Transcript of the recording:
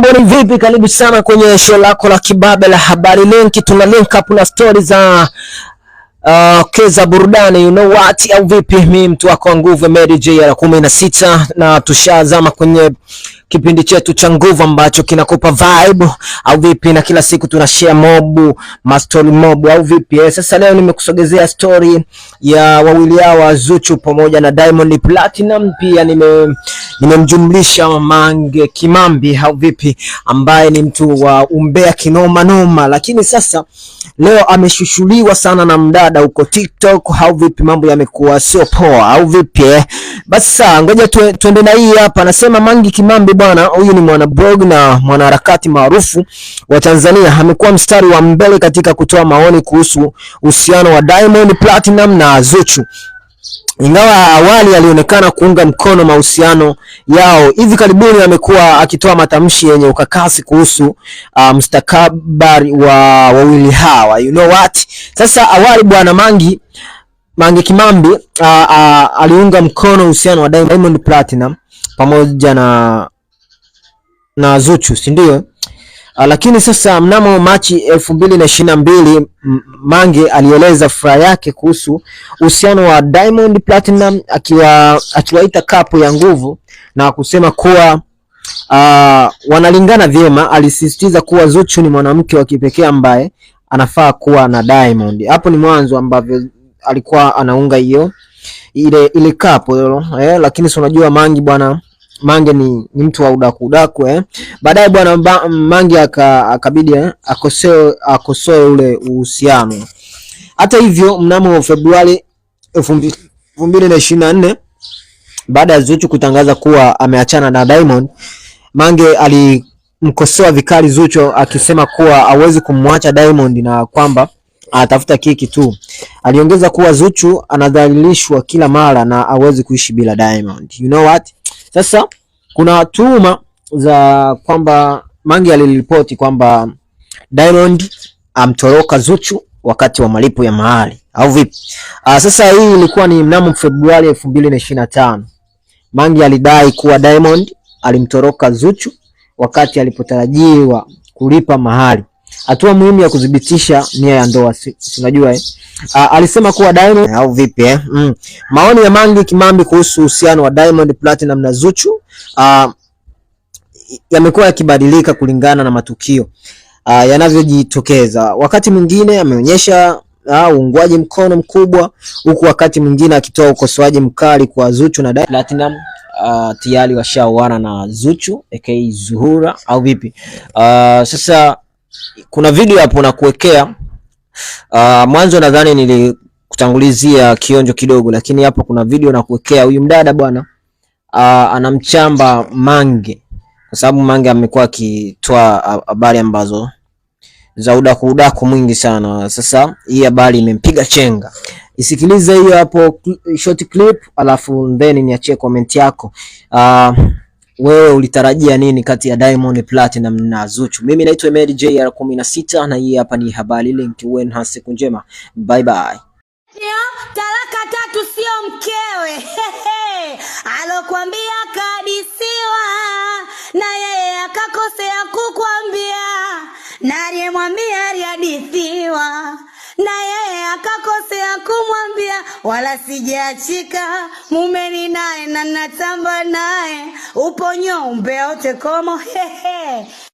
Mambo ni vipi? Karibu sana kwenye show lako la kibabe la habari linki. Tuna link up na stori za Uh, okay, za burudani you know what au vipi? Mimi mtu wako wa nguvu Mary J kumi 16 na tushazama kwenye kipindi chetu cha nguvu ambacho kinakupa vibe au vipi, na kila siku tuna share mob ma story mob au vipi. Eh, sasa leo nimekusogezea story ya wawili hawa Zuchu pamoja na Diamond Platinum, pia nime nimemjumlisha Mange Kimambi au vipi, ambaye ni mtu wa umbea kinoma noma, lakini sasa leo ameshushuliwa sana na mdada huko TikTok au vipi, mambo yamekuwa sio poa au vipi. Eh, basi sasa ngoja tuende na hii hapa, anasema Mange Kimambi bwana huyu ni mwanablog na mwanaharakati maarufu wa Tanzania. Amekuwa mstari wa mbele katika kutoa maoni kuhusu uhusiano wa Diamond Platinum na Zuchu. Ingawa awali alionekana kuunga mkono mahusiano yao, hivi karibuni amekuwa akitoa matamshi yenye ukakasi kuhusu uh, mustakabali wa wawili hawa. You know what? Sasa awali bwana Mangi Mange Kimambi uh, uh, aliunga mkono uhusiano wa Diamond Platinum pamoja na na Zuchu, si ndio? Ah, lakini sasa mnamo Machi elfu mbili na ishirini na mbili Mange alieleza furaha yake kuhusu uhusiano wa Diamond Platinum akiwa akiwaita kapu ya nguvu na kusema kuwa uh, wanalingana vyema. Alisisitiza kuwa Zuchu ni mwanamke wa kipekee ambaye anafaa kuwa na Diamond. Hapo ni mwanzo ambavyo alikuwa anaunga hiyo ile ile kapu eh, lakini si unajua Mangi bwana Mange ni, ni mtu wa udaku eh. Baadaye bwana Mange akabidi eh, akosoe akosoe ule uhusiano. Hata hivyo, mnamo Februari elfu mbili na ishirini baada ya Zuchu kutangaza kuwa ameachana na Diamond, Mange alimkosoa vikali Zuchu akisema kuwa hawezi kumwacha Diamond na kwamba anatafuta kiki tu. Aliongeza kuwa Zuchu anadhalilishwa kila mara na hawezi kuishi bila Diamond. You know what? Sasa kuna tuhuma za kwamba mangi aliripoti kwamba Diamond amtoroka Zuchu wakati wa malipo ya mahari au vipi? Uh, sasa hii ilikuwa ni mnamo Februari elfu mbili na na tano. alidai kuwa Diamond alimtoroka Zuchu wakati alipotarajiwa kulipa mahari, hatua muhimu ya kudhibitisha nia ya ndoa. Si unajua eh? uh, alisema kuwa Diamond au vipi eh? Mm. Maoni ya Mange Kimambi kuhusu uhusiano wa Diamond Platinum na Zuchu uh, yamekuwa yakibadilika kulingana na matukio uh, yanavyojitokeza. Wakati mwingine ameonyesha uungwaji uh, mkono mkubwa, huku wakati mwingine akitoa ukosoaji mkali kwa Zuchu na Diamond Platinum. Uh, tayari washaoana na Zuchu aka Zuhura au vipi? Uh, sasa kuna video hapo na kuwekea Uh, mwanzo nadhani nilikutangulizia kionjo kidogo, lakini hapa kuna video na kuwekea huyu mdada bwana uh, anamchamba Mange kwa sababu Mange amekuwa akitoa habari ambazo za udaku udaku mwingi sana. Sasa hii habari imempiga chenga. Isikilize hiyo hapo short clip, alafu then niachie comment yako. Uh, wewe ulitarajia nini kati ya Diamond Platinum na Zuchu? Mimi naitwa Emeri JR 16 na hii hapa ni Habari Link. Uwe na siku njema, bye bye. Talaka tatu sio mkewe alokwambia kadisiwa na yeye akakosea kukwambia na aliyemwambia wala sijaachika, mume ni naye na natamba naye, upo nyombe ote komo hehe